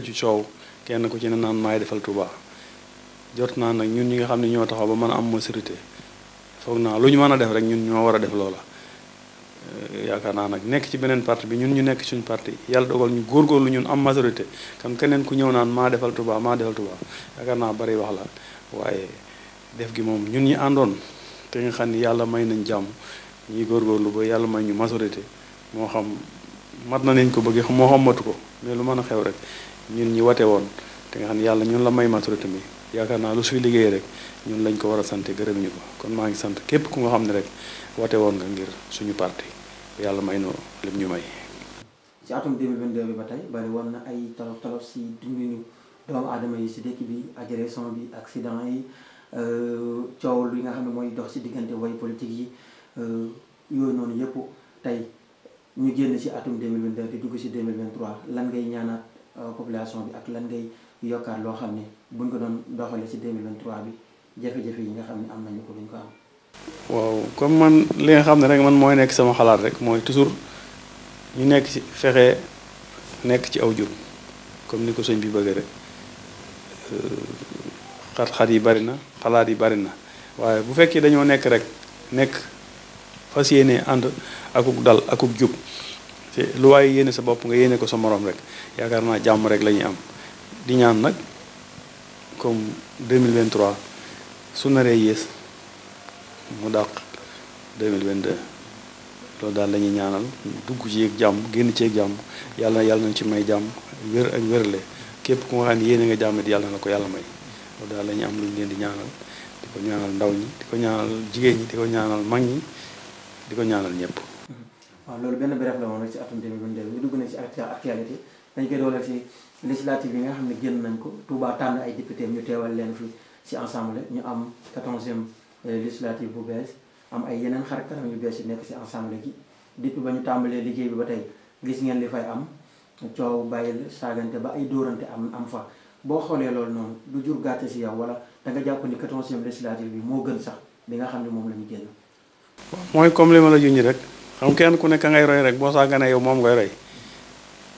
xëccu soow kenn ku ci ne naan maay defal Touba jot naa nag ñun ñi nga xam ne ñoo taxaw ba mën a am maturité foog naa lu ñu mën a def rek ñun ñoo war a def loola. Eh, yaakaar naa nag nekk ci beneen parti bi ñun ñu nekk suñu parti yàlla dogal ñu lu ñun am majorité kam keneen ku ñëw naan maa defal Touba maa defal Touba yaakaar naa bari wax la waaye def gi moom ñun ñi àndoon te nga xam ni yàlla may nañ jàmm ñuy góorgóorlu ba yàlla may ñu majorité moo xam mat na nañ ko bëgg moo xam ko mais lu mën a xew rek ñun ñi wate woon te nga xam ne yàlla ñun la may maturité bi yaakaar naa lu suy liggéeyee rek ñun lañ ko war a sant gërëm ñu ko kon maa ngi sant képp ku nga xam ne rek wate woon nga ngir suñu parti yàlla may noo lim ñu may. ci atum 2022 bi ba tey bari woon na ay tolof tolof si dunduñu doomu aadama yi si dëkk bi agression bi accident yi euh, coow li nga xam ne mooy dox si diggante way politique yi euh, yooyu noonu yëpp tey ñu génn si atum 2022 di dugg si 2023 Euh, population bi ak lan ngay yokkaat loo xam ne buñ ko doon doxalee ci 2023 bi jafe-jafe yi nga xam ne am nañu ko duñ ko am. waaw comme man li nga xam ne rek man mooy nekk sama xalaat rek mooy toujours ñu nekk ci fexe nekk ci aw jur comme ni ko sëñ bi bëggee rek euh, xat-xat yi bari na xalaat yi bari na waaye bu fekkee dañoo nekk rek nekk fas yéene ànd akuk dal akuk jub. te lu waaye yéene sa bopp nga yéene ko sa moroom rek yaakaar naa jàmm rek la am di ñaan nag comme 2023 su naree yées mu dàq 2022 loolu daal la ñuy ñaanal dugg ci ak jàmm génn ci ak jàmm yàlla na yàlla nañ ci may jàmm wér ak wérle képp ku nga xam ne yéene nga jàmm di yàlla na ko yàlla may loolu daal la am luñ leen di ñaanal di ko ñaanal ndaw ñi di ko ñaanal jigéen ñi di ko ñaanal mag ñi di ko ñaanal ñëpp waaw loolu benn bref la woon rek ci atum 2022 ñu dugg nañ ci yi nga xam ne génn nañ ko Touba tànn ay député ñu teewal leen fi ci ensemble ñu am 14e euh, législative bu bees am ay yeneen xar kanam yu bees yi nekk ci ensemble gi depuis ba ñu tàmbalee liggéey bi ba tey gis ngeen li fay am coow bàyyil saagante ba ay dóorante am am fa boo xoolee loolu noonu du jur gàcce ci yow wala da nga jàpp ni 14e législative bi moo gën sax bi nga xam ne moom la ñu génn. mooy comme xam kenn ku ne ka ngay roy rek boo saaganee yow moom ngay roy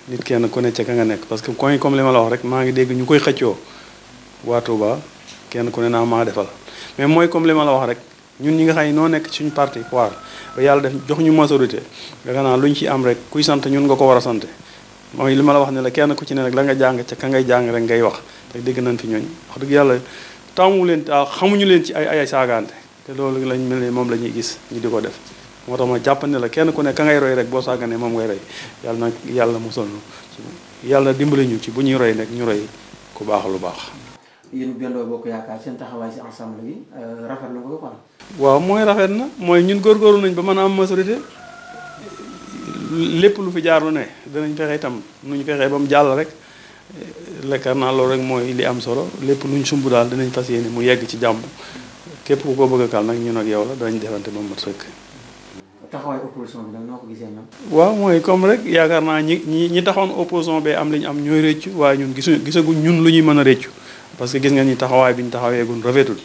nit kenn ku ne ca ka nga nekk parce que koñ comme li ma la wax rek maa ngi dégg ñu koy xëccoo waa Touba kenn ku ne naa maa defal mais mooy comme li ma la wax rek ñun ñi nga xam ne noo nekk suñu parti pouvoir ba yàlla def ñu majorité danga naa lu ci am rek kuy sant ñun nga ko war a sant mooy li ma la wax ne la kenn ku ci ne rek la nga jàng ca ka ngay jàng rek ngay wax te dégg nañ fi ñooñ wax dëgg yàlla tàmmu leen ah, xamuñu leen ci ay ay saagante te loolu lañ mel ne moom la ñuy gis ñu di ko def moo ma japp ne la kenn ku ne ka ngay roy rek boo sàgganee mom ngay roy yalla na yalla musal nu yalla dimbali ñu ci bu ñuy roy nak ñu roy ku baax lu baax. yéen Benno Bokk Yaakaar seen taxaway ci ensemble bi euh, rafet na ko ko waaw moy rafet na moy ñun goru nañ ba man am majorité lepp lu fi jaar lu ne dinañ fexé tam nu fexé bam jall rek. lekkaar naa lo rek moy li am solo lepp luñ sumbu dal dinañ fasiyene mu yegg ci jamm képp ku ko bëgg kal nak ñun ak yow la dañ defante mom ma taxawaay opposition bi nag noo ko gisee ñoom. waaw mooy comme rek yaakaar naa ñi ñi taxoon opposition bee am li ñu am ñooy rëccu waaye ñun gisuñu gisaguñ ñun lu ñuy mën a rëccu parce que gis nga ni taxawaay bi ñu taxaweegun rafetul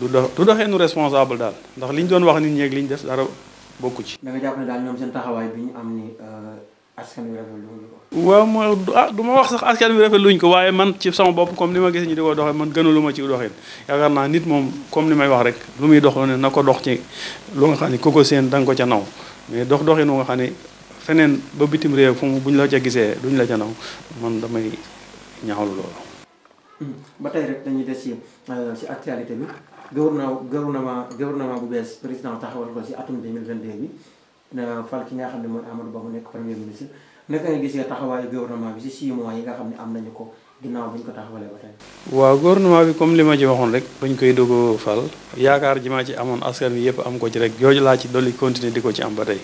du dox du doxee nu responsable daal ndax li ñu doon wax nit ñeeg li ñu def dara bokku ci. da nga jàpp ne daal ñoom seen taxawaay bi ñu am ni euh, askan wi rafetluñ ko. waaw mooy ah a ma wax sax askan wi rafetluñ ko waaye man ci sama bopp comme ni ma gis ñu di ko doxee man gënalu ma ci doxin yaakaar naa nit moom comme ni may wax rek lu muy dox ne na ko dox ci lu nga xam ne ko ko seen da nga ko ca naw mais dox doxin wu nga xam ne feneen ba bitim réew fu mu buñ la ca gisee duñ la ca naw man damay ñaawlu loolu. Hmm, ba tey rek dañuy des ci euh, ci actualité bi gouvernement gouvernement gouvernement bu bees président taxawal ko ci atum 2022 fal ki nga xam ne mooy Amadou Ba mu nekk premier ministre naka nga gisee taxawaayu gouvernement bi ci six nga xam ne am nañu ko ginnaaw bi ñu ko taxawalee ba tey. waaw gouvernement bi comme li ma ci waxoon rek bañ koy dogo fal yaakaar ji ma ci amoon askan wi yëpp am ko ci rek yooyu laa ci dolli continuer di ko ci am ba tey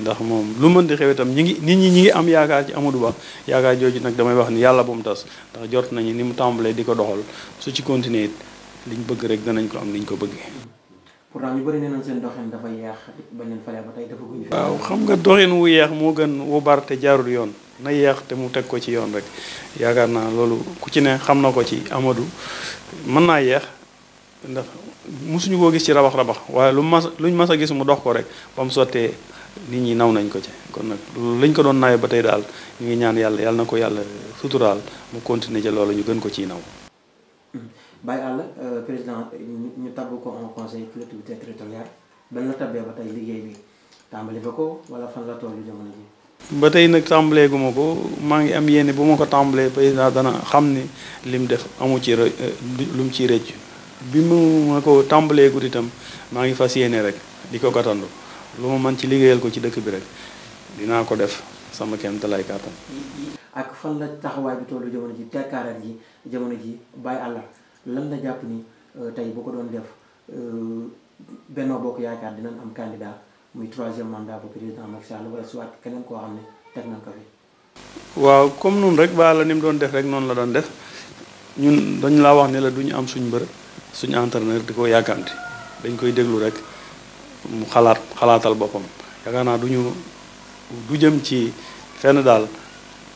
ndax moom lu mën di xew itam ñi ngi nit ñi ñi ngi am yaakaar ci Amadou Ba yaakaar jooju nag damay wax ni yàlla bu mu tas ndax jot nañu ni mu tàmbalee di ko doxal su ci continuer it bëgg rek danañ ko am liñ ko bëggee. pourtant ñu bëri nee nañ seen doxin dafa yeex waaw xam nga doxin wu yeex moo gën wu bar te jaarul yoon na yeex te mu teg ko ci yoon rek yaakaar naa loolu ku ci ne xam na ko ci amadu mën naa yeex ndax mu mosuñu koo gis ci rabax rabax waaye lu mas luñ mas a gis mu dox ko rek ba mu sottee nit ñi naw nañ ko ci kon nag lañ ko doon nawee ba tey daal ñu ngi ñaan yàlla yàlla na ko yàlla suturaal mu continuer ci loolu ñu gën ko ci naw Baye Alla euh, président ñu tabb ko en conseil collectivité territoriale ban la tabbee ba tey liggéey bi tàmbali ba ko wala fan la toolu jamono ji ba tey nag tàmbalee gu ko maa ngi am yéene bu ma ko tàmbalee président dana xam ni lim def amu ci rë euh, lu mu ciy rëcc bi mu ma ko tàmbalee guddi itam maa ngi fas yéene rek di ko gàttandu lu ma mën ci liggéeyal ko ci dëkk bi rek dinaa ko def sama kem talaay kàttan. ak fan la taxawaay bi toolu jamono ji tekkaaral ji jamono ji Baye Alla. lan la japp ni euh, tay bu ko don def euh, Benno Bokk Yaakaar dina am candidat muy 3e mandat bu président Macky Sall wala soit kenen ko xamne tek teg nañ ko fi. waaw comme nun rek ba la ni mu def rek non la don def ñun dañ la wax ne la duñu am suñ mbeur suñ entraîneur di ko dañ koy deglu rek mu xalaat xalaatal bopam yaakaar duñu du jëm ci fenn dal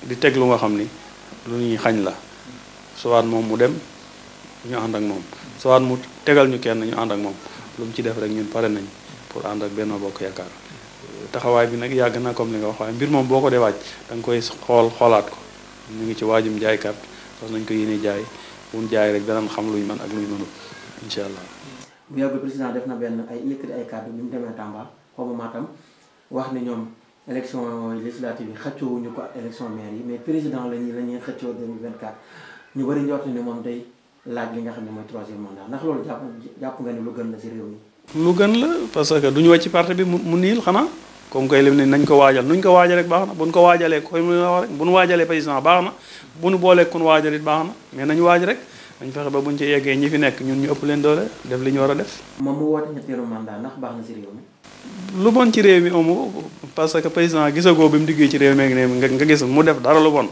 di teg lu nga xamni ni lu ñuy xagn la soit mom mu dem. ñu ànd ak moom soit mu tegal ñu kenn ñu ànd ak moom lu mu ci def rek ñun pare nañ pour ànd ak benn Bokk Yaakaar taxawaay bi nag yàgg na comme li nga wax waaye mbir moom boo ko dee waaj da nga koy xool xoolaat ko ñu ngi ci waajum jaaykat sos nañ ko yéene jaay bu ñu jaay rek danañ xam luñ man ak luñ mënul incha allah. bu yàgg président def na benn ay électrique ay kàddu bi mu demee Tamba xaw ma Matam wax ne ñoom élection législative yi xëccoowuñu ko ak élection maire yi mais président lañuy lañuy xëccoo 2024 ñu bëri njort ne moom laaj li nga xam ne mooy troisième mandat ndax loolu jàpp jàpp nga ne lu la ci réew mi. lu gën la parce que du mu niil xanaa comme koy lim ne nañ ko waajal nuñ ko waajal rek baax na buñ ko waajalee koy mu wax rek buñ waajalee président boolee kon waajal baax na mais nañ waaj rek nañ fexe ba buñ ci yeggee ñi fi nekk ñun ñu ëpp leen doole def li ñu war a def. moom mu woote ñetteelu mandat ndax baax na lu bon ci réew mi amu parce que président gisagoo bi mu diggee ci réew mi nga gis mu def dara lu bon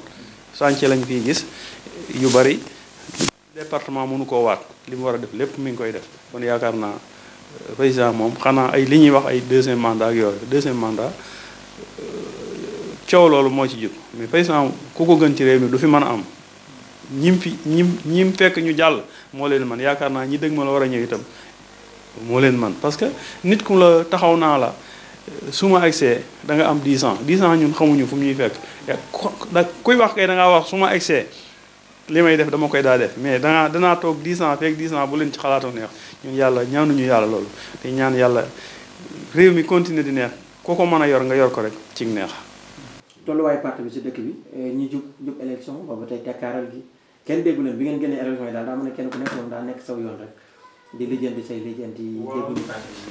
sànce lañ fi gis yu bari département mënu koo waat li mu war a def lépp mu ngi koy def kon yaakaar naa euh, président moom xanaa ay li ñuy wax ay deuxième mandat ak yooyu deuxième mandat euh, coow loolu moo ci jub mais président ku ko gën ci réew mi du fi mën a am ñim fi ñim ñim fekk ñu jàll moo leen man yaakaar naa ñi dëgg ma la war a ñëw itam moo leen man parce que nit ku la taxaw naa la euh, su ma egsee da nga am 10 ans 10 ans ñun xamuñu fu ñuy fekk da kuy wax kay da ngaa wax su ma egsee li may def dama koy daa def mais danaa danaa toog diis ans feeg 10 ans bu leen ci xalaatoo neex ñun yàlla ñaanuñu yàlla loolu te ñaan yàlla réew mi continuer di neex koo ko mën a yor nga yor ko rek ci neex. tolluwaayu parti bi si dëkk bi eh, ñi jub jub boobu tey tekkaaral gi kenn déggu bi ngeen génnee élection yi daal daa mën a kenn ku nekk moom daa nekk saw yoon rek di lijjanti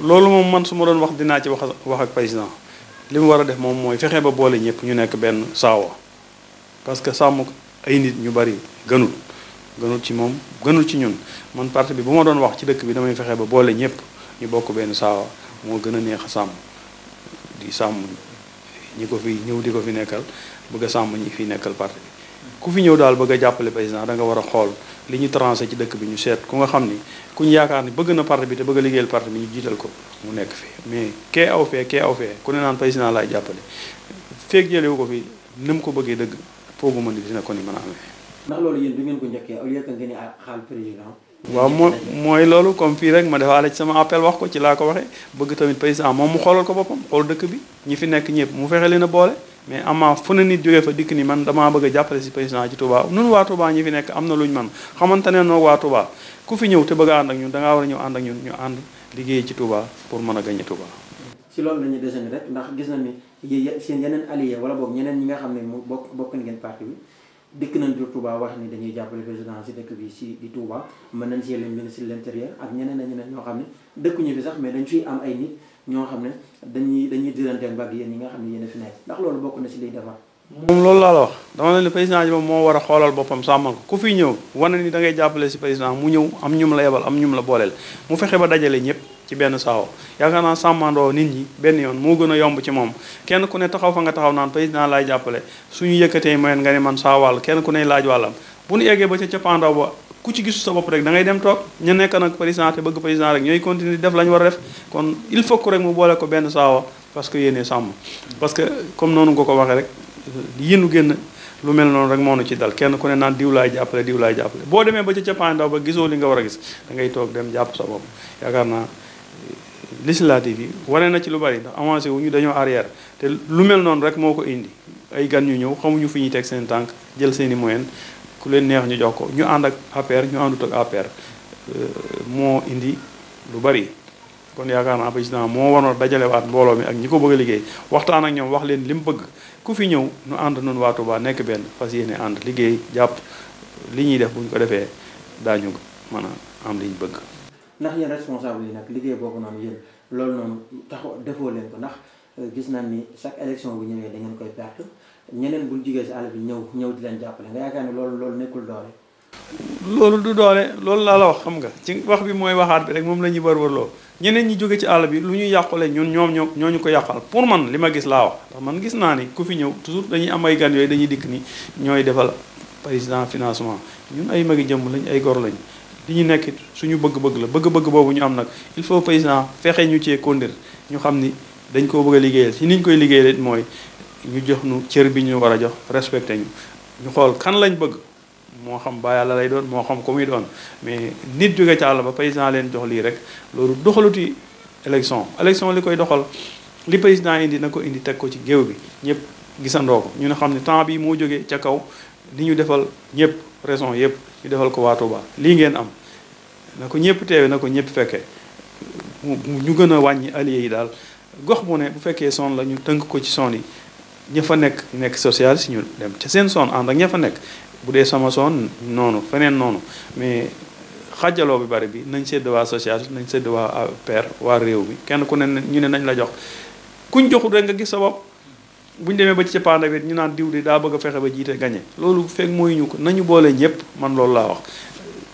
loolu moom man su ma doon wax dinaa ci wax wax ak président li mu war a def moom mooy fexe ba boole ñëpp ñu nekk benn saawa parce que sàmm ay nit ñu bari gënul gënul ci moom gënul ci ñun man parti bi bu ma doon wax ci dëkk bi damay fexe ba boole ñëpp ñu bokk benn saawa moo gën a neex a sàmm di sàmm ñi ko fi ñëw di ko fi nekkal bëgg a sàmm ñi fi nekkal parti bi ku fi ñëw daal bëgg a jàppale président da nga war a xool li ñu transé ci dëkk bi ñu seet ku nga xam ni ñu yaakaar ni bëgg na parti bi te bëgg a liggéeyal parti bi ñu jiital ko mu nekk fi mais kee aw fee kee aw fee ku ne naan président laay jàppale feeg jëlewu ko fi nim ko bëggee dëgg foogu ma ni dina ko ni mën a amee. waaw moo mooy loolu comme fii rek ma defaale ci sama appel wax ko ci laa ko waxee bëgg tamit président moom mu xoolal ko boppam xool dëkk bi ñi fi nekk ñëpp mu fexe leen a boole mais amaa fu na nit jógee fa dikk ni man damaa bëgg a jàppale si président ci Touba nun waa Touba ñi fi nekk am na lu ñu man xamante ne noo waa Touba ku fi ñëw te bëgg a ànd ak ñun da ngaa war a ñëw ànd ak ñun ñu ànd liggéey ci Touba pour mën a gañe Touba. ci loolu yéen seen yeneen allié wala boog ñeneen ñi nga xam ne mu bokk bokk ngeen parti bi dëkk nañ biir Touba wax ni dañuy jàppale président si dëkk bi si di Touba mën nañ si lim ministre de l'intérieur ak ñeneen ñeneen ñoo xam ne dëkkuñu fi sax mais dañ fi am ay nit ñoo xam ne dañuy dañuy diranteel ba ak yéen ñi nga xam ne yéen a fi ndax loolu bokk na si liy defar moom loolu laa la wax dama leen ne président ji moo war a xoolal boppam sàmmal ko ku fi ñëw wane ni da ngay jàppale si président mu ñëw am ñum la yebal am ñum la booleel mu fexe ba dajale ñëpp ci benn saawo yaakaar naa sàmmandoo nit ñi benn yoon moo gën a yomb ci moom kenn ku ne taxaw fa nga taxaw naan président laay jàppale suñu yëkkatee moyen nga ne man saawal kenn ku ne laaj wàllam bu ñu eggee ba ca cappaandaw ba ku ci gisu sa bopp rek da ngay dem toog ñu nekk nag président te bëgg président rek ñooy continuer def la war kon il faut que rek mu boole ko benn saawo parce que yéenee sàmm parce que comme noonu nga ko waxee rek yi nu génn lu mel noonu rek moom nu ci dal kenn ku ne naan diw jàppale diw laay jàppale boo demee ba ca cappaandaw ba gisoo li nga war a gis da ngay toog dem jàpp sa bopp yaakaar naa législative na ci lu bari ndax avancé wu ñu dañoo arrière te lu mel noonu rek moo ko indi ay gan ñu ñëw xamuñu fu ñuy teg seen tànk jël seen i ku leen neex ñu jox ko ñu ànd ak APR ñu àndut ak euh, moo indi lu bari. kon yaakaar naa président moo waroon dajalewaat mbooloo mi ak ñi ko bëgg a liggéey waxtaan ak ñoom wax leen li mu bëgg ku fi ñëw nu ànd nun waa Touba nekk benn fas yéene ànd liggéey jàpp li ñuy def bu ñu ko defee daañu mën a am li ñu bëgg. ndax yéen responsable yi nag liggéey boobu noonu yéen loolu noonu taxu defoo leen ko ndax euh, gis nañ ni chaque élection bu ñëwee da ngeen koy perte ñeneen bu ñu jugee si àll bi ñëw ñëw di leen jàppale nga yaakaar ne loolu loolu nekkul doole. loolu du doole loolu laa la wax xam nga ci wax bi mooy waxaat bi rek moom la ñuy wër-wër ñeneen ñi jóge ci àll bi lu ñu yàqule ñun ñoom ñoo ñoo ñu ko yàqal pour man li ma gis laa wax man gis naa ni ku fi ñëw toujours dañuy am ay gan yooyu dañuy dikk ni ñooy defal président financement ñun ay magi jëmm lañ ay gor lañ li ñu nekk suñu bëgg-bëgg la bëgg-bëgg boobu ñu am nag il faut président fexe ñu ci kondir ñu xam ni dañ koo bëgg a liggéeyal si niñ koy liggéeyal mooy ñu jox nu cër bi ñu war a jox respecté ñu ñu xool kan lañ bëgg moo xam ba yàlla lay doon moo xam ko muy doon mais nit jóge ci àll ba président leen jox lii rek loolu doxaluti élection élection li koy doxal li président indi na ko indi teg ko ci géew bi ñëpp gisandoo ko ñu ne xam ne temps bi moo jógee ca kaw li ñu defal ñëpp raison yëpp ñu defal ko waa Touba lii ngeen am na ko ñëpp teewe na ko ñëpp fekkee ñu gën a wàññi alliés yi daal gox bu ne bu fekkee son la ñu tënk ko ci son yi ña fa nekk nekk socialiste ñu dem ca seen son ànd ak ña fa nekk bu dee sama soon noonu feneen noonu mais xajaloo bi bari bi nañ sedd waa social nañ sedd waa per waa réew mi kenn ku ne ñu ne nañ la jox kuñ joxul rek nga gis sa buñ demee ba ci cappaanda bi ñu naan diw di daa bëgg a fexe ba jiite gañe loolu fekk mooy ñu ko nañu boole ñëpp man loolu laa wax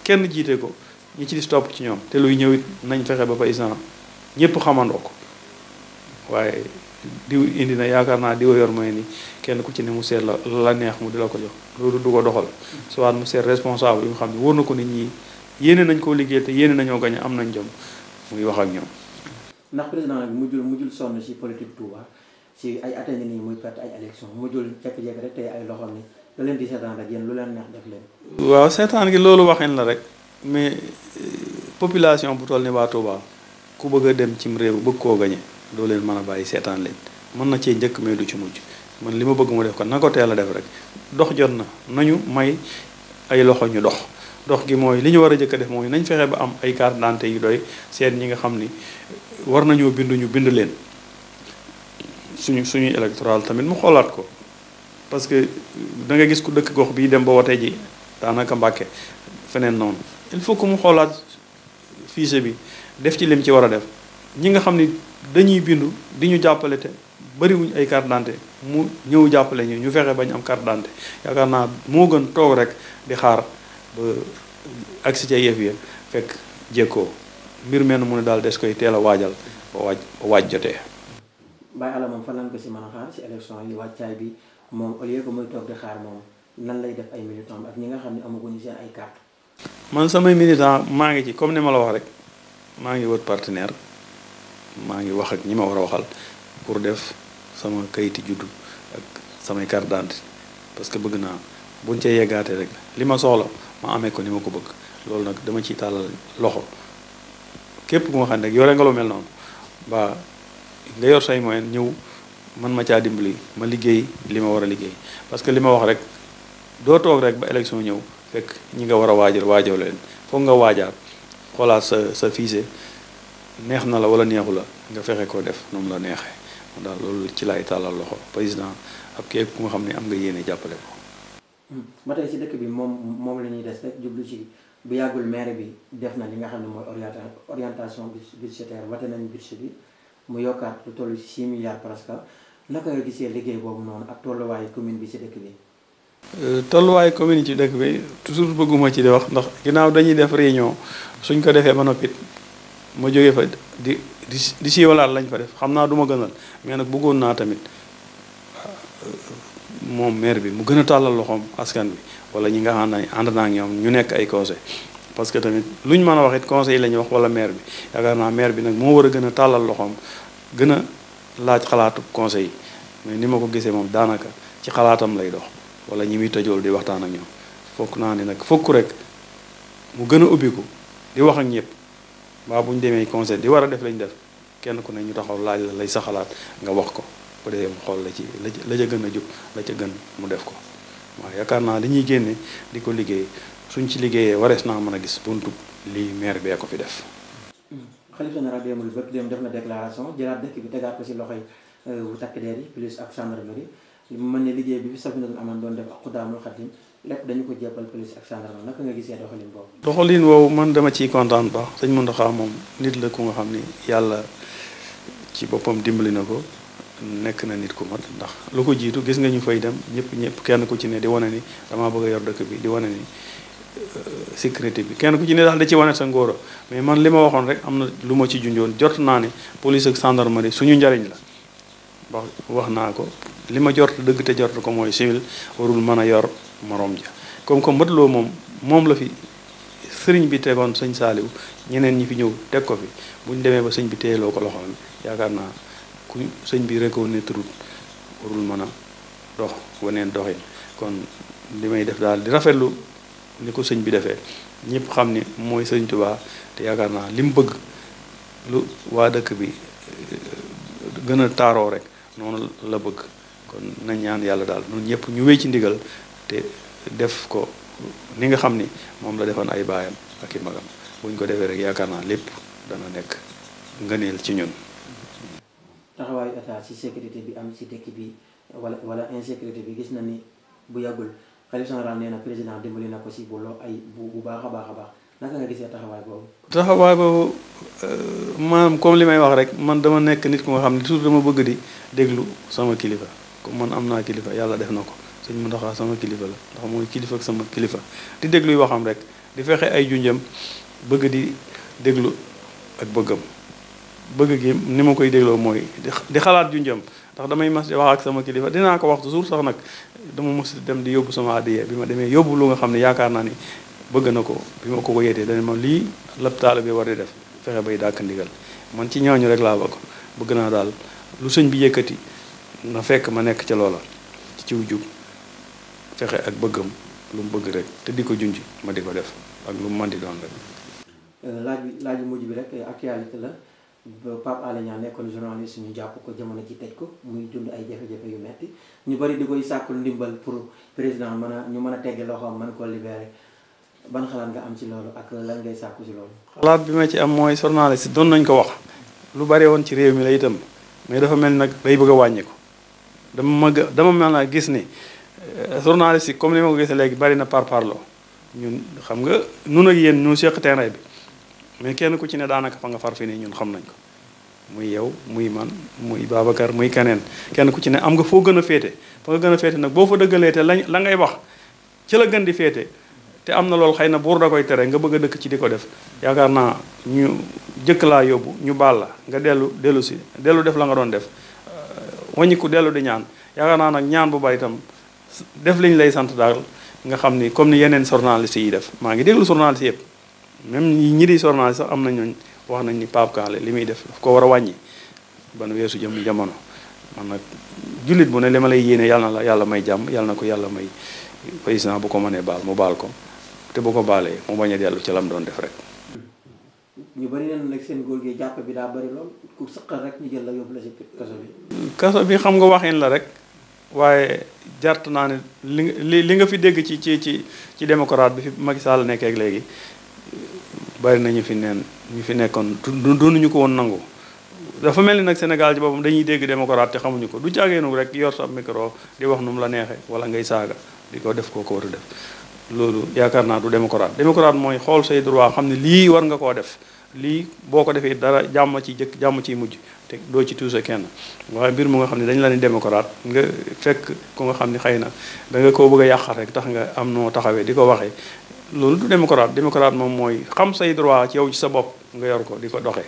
kenn jiite ko ñu ci di ci ñoom te luy ñëw it nañ fexe ba paysan ñëpp xamandoo ko waaye diw indi na yaakaar naa diw yor mooy ni kenn ku ci ne mu seet la la neex mu di la ko jox loolu du ko doxal soit mu seet responsable yi nga xam ne wóor na ko nit ñi yéene nañ koo liggéey te yéene nañoo gañe am nañ jom muy wax ak ñoom. ndax président bi mujjul mujjul sonn si si ay at nii muy perte ay élection mujjul ay loxoom ni da leen di seetaan yéen lu leen neex def leen. waaw seetaan gi loolu waxin la rek mais population bu toll ni waa Touba ku bëgg a dem cim réew bëgg koo gañe do len mana a setan len man na ci jekk me du ci mujj man lima ma bëgg mu def ko na ko def rek dox jonna nañu may ay loxo ñu dox dox gi moy liñu wara war def moy nañ fexé ba am ay carte d'identité yu doy seen ñi nga xamni war nañu bindu ñu bind len suñu suñu électoral tamit mu xolaat ko parce que da nga gis ku dëkk gox bi dem ba wote ji daanaka mbacké fenen non il faut ko mu xolaat fichier bi def ci lim ci wara def ñi nga xamni dañuy bindu di ñu jàppale te bëriwuñ ay carte d'identité mu ñëw jàppale ñu ñu fexe bañ am carte d'identité yaakaar naa moo gën toog rek di xaar ba agsi ca yëf ya fekk jékkoo mbir mel mu ne daal des koy teel a waajal ba waaj ba waaj jotee. Baye Alla moom fan lañ ko si mën a xaar si élection yi wàccaay bi moom au lieu que muy toog di xaar moom nan lay def ay militant ak ñi nga xam ne amaguñu seen ay carte. man samay militant maa ngi ci comme ni ma la wax rek maa ngi wër partenaire. maa ngi wax ak ñi ma war a waxal pour def sama kayiti juddu ak samay carte d'identité parce que bëgg naa bu cee yeggaatee rek li ma soxla ma amee ko ni ma ko bëgg loolu nag dama ciy tàllal loxo képp ku ma xam ne yore nga lu mel noonu ba nga yor say moyen ñëw man ma caa dimbali ma liggéey li ma war a liggéey parce que li ma wax rek doo toog rek ba élection ñëw fekk ñi nga war a waajal waajal leen foog nga waajaat xoolaat sa sa fiise neex na la walla neexu la nga fexe koo def noonu la neexee man daal loolu ci laay tàllal loxo président ak képp ku nga xam ne am nga yéene jàppale ko. Hmm. ba si dëkk bi moom moom la ñuy des rek jublu ci bu yàggul maire bi def na li nga xam ne mooy orientation budgétaire wate nañu budget bi mu yokkaat lu toll ci 6 milliards presque naka nga gisee liggéey boobu noonu ak commune bi si dëkk bi. Euh, tolluwaayu commune yi ci dëkk bi toujours bëgguma ci di wax ndax ginnaaw dañuy def réunion suñ ko defee ba noppit ma jógee fa di di siiwalaat lañ fa def xam naa du ma gënal mais nag bëggoon naa tamit euh, moom mair bi mu gën a tàllal loxoom askan bi wala ñi nga xam ne ànd naa ak ñoom ñu nekk ay conseil parce que tamit lu ñu mën a wax conseil la ñuy wax wala maire bi yaakaar naa maire bi nag moo war a gën a tàllal loxoom gën a laaj xalaatu conseil mais ni ma ko gisee moom daanaka ci xalaatam lay dox wala ñi muy tëjool di waxtaan ak ñoom fokk naa ni nag fokk rek mu gën a ubbiku di wax ñëpp. waaw bu ñu demee conseil di war a def lañu def kenn ku ne ñu taxaw laaj la lay sa xalaat nga wax ko bu dee mu xool la ci la ca gën a jub la ca gën mu def ko waaw yaakaar naa li ñuy génne di ko liggéey suñ ci liggéeyee warees naa mën a gis buntu lii maire bee ko fi def. xalifa général bi amul bëpp dem def na déclaration jëlaat dëkk bi tegaat ko si loxoy euh, takk deer yi plus ak gendarmerie mu mën ne liggéey bi bi Safinatul aman doon def ak Xudaamul Xadim lépp dañu doxalin woow doxalin man dama ciy kontaan ba sëñ Mountakha moom nit la ku nga xam ni yàlla ci boppam dimbali na ko nekk na nit ku ma ndax lu ko jiitu gis nga ñu fay dem ñëpp ñëpp kenn ku ci ne di wane ni damaa bëgg a yor dëkk bi di wane ni euh, sécurité bi kenn ku ci ne daal da ci wane sa ngóoro mais man li ma waxoon rek am na lu ma ci junjoon jot naa ne police ak gendarmerie suñu njariñ la wax wax naa ko li ma jort dëgg te jort ko mooy civil warul mën a yor. moroom ja comme comme Modou Lo moom moom la fi sëriñ bi tegoon sëñ saaliw ñeneen ñi fi ñëw teg ko fi buñ demee ba sëñ bi téyeloo ko loxoom yaakaar naa ku sëñ bi reconnaître warul mën a dox waneen doxin kon li may def daal di rafetlu ni ko sëñ bi defee ñëpp xam ni mooy sëñ Tuubaa te yaakaar naa li mu bëgg lu waa dëkk bi eh, gën a taaroo rek noonu la bëgg kon nañ ñaan yàlla daal ñun ñëpp ñu wéy ci ndigal te def ko ni nga xam ni moom la defoon ay baayam ak i magam buñ ko defee rek yaakaar naa lépp dana nekk ngëneel ci ñun. taxawaayu état ci sécurité bi am ci dëkk bi wala wala insécurité bi gis na ni bu yàggul xalifa général nee président dimbali na ko ci bu loo ay bu bu baax a baax a baax naka nga gisee taxawaay boobu. taxawaay boobu euh, maanaam comme li may wax rek man dama nekk nit ku nga xam ne toujours dama bëgg di déglu sama kilifa comme man am naa kilifa yàlla def na ko. sëñ Muntaxa sama kilifa la ndax mooy kilifa ak sama kilifa di dégluy waxam rek di fexe ay junjam bëgg di déglu ak bëggam bëgg gi ni ma koy dégloo mooy di xalaat junjam ndax damay mas di wax ak sama kilifa dinaa ko wax toujours sax nag dama mos dem di yóbbu sama addiya bi ma demee yóbbu lu nga xam ne yaakaar naa ni bëgg na ko bi ma ko ko yeetee dana ma lii lab bi war di def fexe bay dàkk ndigal man ci ñooñu rek laa bëgg bëgg naa daal lu sëñ bi yëkkati na fekk ma nekk ca loola ci ciw fexe ak bëggam lu mu bëgg rek te di ko junj ma di ko def ak lu mu mën di doon rek. Euh, laaj bi laaj bi mujj bi rek actualité la Pape Alé Niang nekkoon journaliste ñu jàpp ko jamono ji tëj ko muy dund ay jafe-jafe yu ñu bari di koy sàkkul ndimbal pour président mën a ñu mën a tegg loxoom mën koo libéré ban xalaat nga am si loolu ak lan ngay sàkku ci loolu. xalaat bi ma ci am mooy si doon nañ ko wax lu bari woon ci réew mi la itam mais dafa mel nag day bëgg a wàññi dama ma naa gis ni. journaliste yi comme ni ma ko gisee léegi bari na par parlo ñun xam nga nun ak yéen ñu seq terrain bi mais kenn ku ci ne daanaka fa nga far fi nii ñun xam nañ ko muy yow muy man muy Babacar muy keneen kenn ku ci ne am nga foo gën a féete fa nga gën a féete nag boo fa dëggalee te lañ la ngay wax ci la gën di féete te am na loolu xëy na buur da koy tere nga bëgg a dëkk ci di ko def yaakaar naa ñu jëkk laa yóbbu ñu baal la nga dellu dellu si dellu def la nga doon def waññiku dellu di ñaan yaakaar naa def liñ lay sant dal nga xamni ni comme ni yenen journaliste yi def ma ngi deglu journaliste yeb même ñi di journaliste sax am na ñooñ wax nañ ni pap kale limi def daf ko wara wañi ban weesu jëm jamono man nak julit bu ne li lay yene yalla la yalla may jam yalla nako yalla may président bu ko mané bal mu bal ko te bu ko balé mu bañ a ci lam doon def rek ñu bari leen nak seen góor gi japp bi da bari lool ku sëqal rek ñu jël la yóbbu la si bi kasso bi xam nga waxin la rek waaye jàrt naa ne li li nga fi dégg ci ci ci ci démocrate bi fi Macky Sall nekkee ak léegi bari na ñu fi neen ñu fi nekkoon du dunuñu ko woon nangu dafa mel ni nag Sénégal ci boppam dañuy dégg démocrate te xamuñu ko du jaageenu rek yor sa micro di wax nu mu la neexee wala ngay saaga di ko def koo ko def loolu yaakaar naa du démocrate démocrate mooy xool say droit xam ne lii war nga koo def lii boo ko defee dara jàmm ci jëkk jàmm ciy mujj te doo ci tuuse kenn waaye biir mu nga xam ne dañ la ne démocrate nga fekk ku nga xam ni xëy na da nga koo bëgg a yàqal rek tax nga am noo taxawee di ko waxee loolu du démocrate démocrate moom mooy xam say droit ci yow ci sa bopp nga yor ko di ko doxe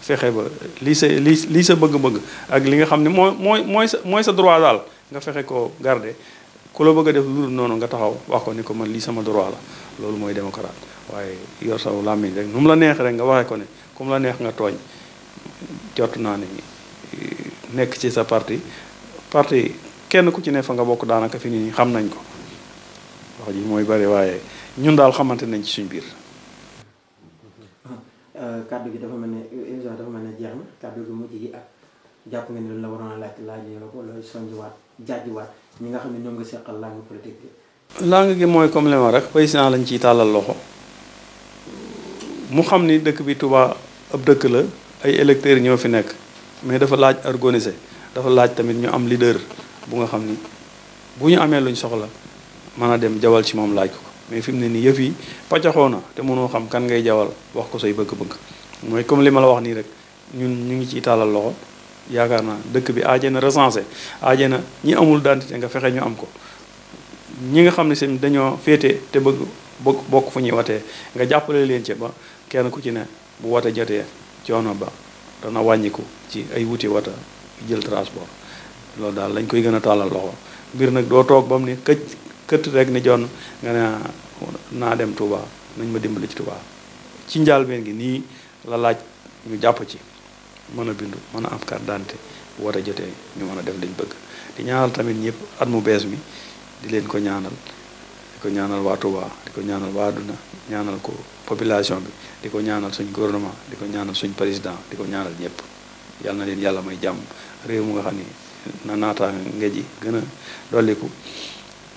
fexe ba lii sa lii lii sa bëgg-bëgg ak li nga xam ne moo mooy mooy sa mooy sa droit daal nga fexe ko garde ku la bëgg a def lu dul noonu nga taxaw wax ko ni ko man lii sama droit la loolu mooy démocrate waaye yor saw làmmiñ rek nu mu la neex rek nga waxee ko ne ku mu la neex nga tooñ jot naa ni eh, nekk ci sa parti parti kenn ku ci ne fa nga bokk daanaka fi nit xam nañ ko wax ji mooy bari waaye ñun daal xamante nañ ci suñ biir euh, kàddu gi dafa mel na kàddu gi mujj gi ak jàpp nga ni loolu laaj laaj la ko loolu sonjiwaat jaajiwaat ñi nga xam ne ñoom nga seqal langue politique bi gi mooy comme li ma rek président lañ ciy tàllal loxo mu xam ni dëkk bi Touba ab dëkk la ay électeurs ñoo fi nekk mais dafa laaj organiser dafa laaj tamit ñu am leader bu nga xam ni bu ñu amee luñ soxla mën a dem jawal ci moom laaj ko mais fi mu ne nii yëf yi pàccaxoo na te mënoo xam kan ngay jawal wax ko say bëgg-bëgg mooy comme li ma la wax nii rek ñun ñu ngi ci tàllal loxo yaakaar naa dëkk bi aajee na recensé aajee na ñi amul dentité nga fexe ñu am ko ñi nga xam ne seen dañoo féete te bëgg bokk bokk fu ñuy watee nga jàppale leen ci kenn ku ci ne bu wata jotee coono ba dana wàññiku ci ay wuti wata jël transport loolu daal lañ koy gën a tàllal loxo mbir nag doo toog ba ni ne këcc rek ni jonn nga ne naa dem Touba nañ ma dimbali ci Touba ci njàlbeen gi nii la laaj ñu jàpp ci mën a bindu mën a am carte d'identité bu wata jotee ñu mën a def liñ bëgg di ñaanal tamit ñëpp at mu bees mi di leen ko ñaanal di ko ñaanal waa di ko ñaanal waa àdduna ñaanal ko population bi di ko ñaanal suñ gouvernement di ko ñaanal suñ président di ko ñaanal ñëpp yal na leen yàlla may jàmm réew mu na naataa nga ji gën a dolliku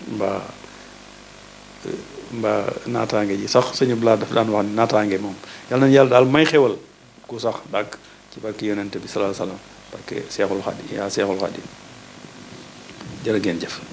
mbaa naataange ji sax sëñu blaa daf daan wax ni naataange moom yàlla yàlla daal may xewal ku sax dàkk ci barke yonente bi salaa salaam barke seexul xadim yaa seexul xadim jërë ngeen jëf